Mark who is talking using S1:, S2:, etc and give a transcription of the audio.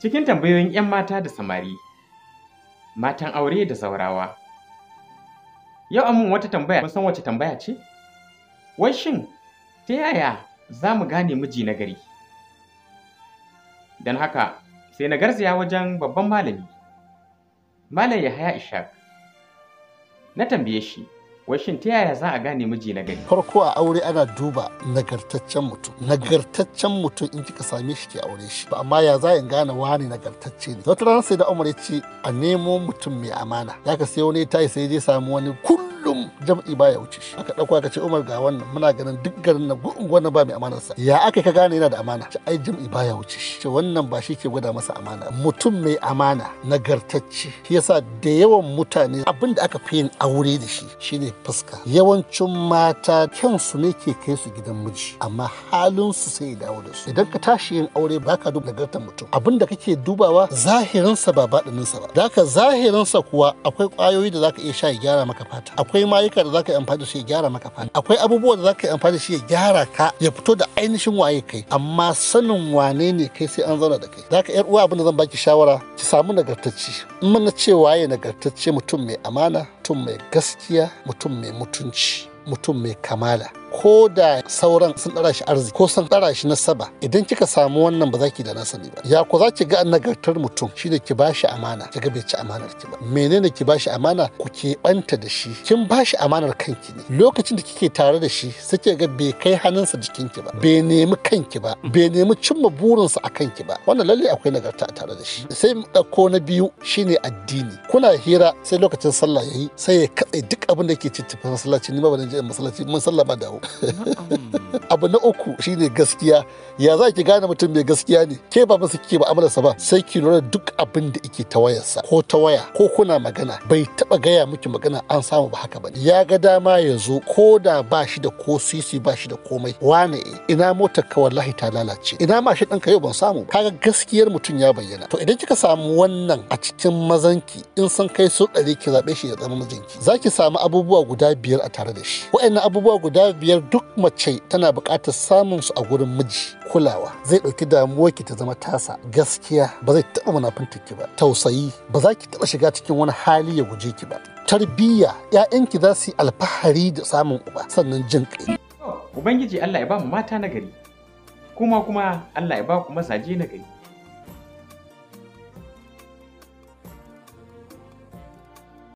S1: Cikin tambayoyin 'yan mata da samari, matan aure da saurawa. Yau amin wata tambaya, kun san wace tambaya ce? Wai shin, ta yaya za mu gane miji na gari? Don haka, sai na garzaya wajen babban malami, Malam Yahaya Ishaq. Na tambaye shi, Washin ta yaya za a gane miji na gari? Farko a aure ana duba
S2: nagartaccen mutum. Nagartaccen mutum in kika same shi ke aure shi. Ba amma ya za in gane wani nagartacce ne. Wata rana sai da Umar ya ce a nemo mutum mai amana. Ya ka sai wani ta sai je samu wani kuru jam'i baya wuce shi aka dauko aka ce Umar ga wannan muna ganin duk garin na gurin ba mai amanar sa ya aka ka gane yana da amana ce ai jam'i ya wuce shi ce wannan ba shi ke gwada masa amana mutum mai amana nagartacce shi yasa da yawan mutane abin da aka fi yin aure da shi shine fuska yawancin mata su ne ke kai su gidan miji amma halin su sai ya dawo da su idan ka tashi yin aure ba ka duba nagartar mutum abin da kake dubawa zahirinsa ba baɗininsa ba da ka zahirinsa kuwa akwai kwayoyi da zaka iya sha ya gyara maka fata akwai mai aika da zaka yi amfani da shi ya gyara maka fata akwai abubuwa da zaka yi amfani da shi ya gyara ka ya fito da ainihin waye kai amma sanin wane ne kai sai an zauna da kai zaka yar uwa abin da zan baki shawara ki samu nagartacci in mana cewa ya nagartacce mutum mai amana mutum mai gaskiya mutum mai mutunci mutum mai kamala ko da sauran sun ɗara shi arziki ko sun ɗara shi nasaba idan kika samu wannan ba za ki da nasani ba ya ku za ki ga nagartar mutum shine ki ba shi amana ki ga bai ci amanar ki ba menene ki ba shi amana ku ke banta da shi kin ba shi amanar kanki ne lokacin da kike tare da shi sai ga bai kai hannunsa jikinki ba bai nemi kanki ba bai nemi cimma burinsa a kanki ba wannan lalle akwai nagarta a tare da shi sai mu ɗauko na biyu shine addini kuna hira sai lokacin sallah yayi sai ya katse duk abin da ke cikin masallaci ni ba ban je masallaci mun sallah ba dawo abu na uku shine gaskiya ya za ki gane mutum mai gaskiya ne ke ba masa kike ba amalarsa ba sai ki lura duk abin da yake ta wayarsa ko ta waya ko kuna magana bai taba gaya miki magana an samu ba haka ba ya ga dama ya zo ko da ba shi da ko sisi ba shi da komai wane eh? ina motar ka wallahi ta lalace ina shi ɗanka yau ban samu ba. kaga gaskiyar mutum ya bayyana to idan kika samu wannan a cikin mazanki in san kai so ɗari ki zaɓe shi ya zama mijinki za ki samu abubuwa guda biyar a tare da shi wa'annan abubuwa guda biyar biyar duk mace tana buƙatar samun su a gurin miji kulawa zai ɗauki damuwar ki ta zama tasa gaskiya ba zai taɓa munafinta ki ba tausayi ba za ki taɓa shiga cikin wani hali ya guje ki ba tarbiyya 'ya'yanki za su yi alfahari da samun uba sannan jin ƙai.
S1: Ubangiji Allah ya ba mu mata nagari, kuma kuma Allah ya ba ku mazaje nagari.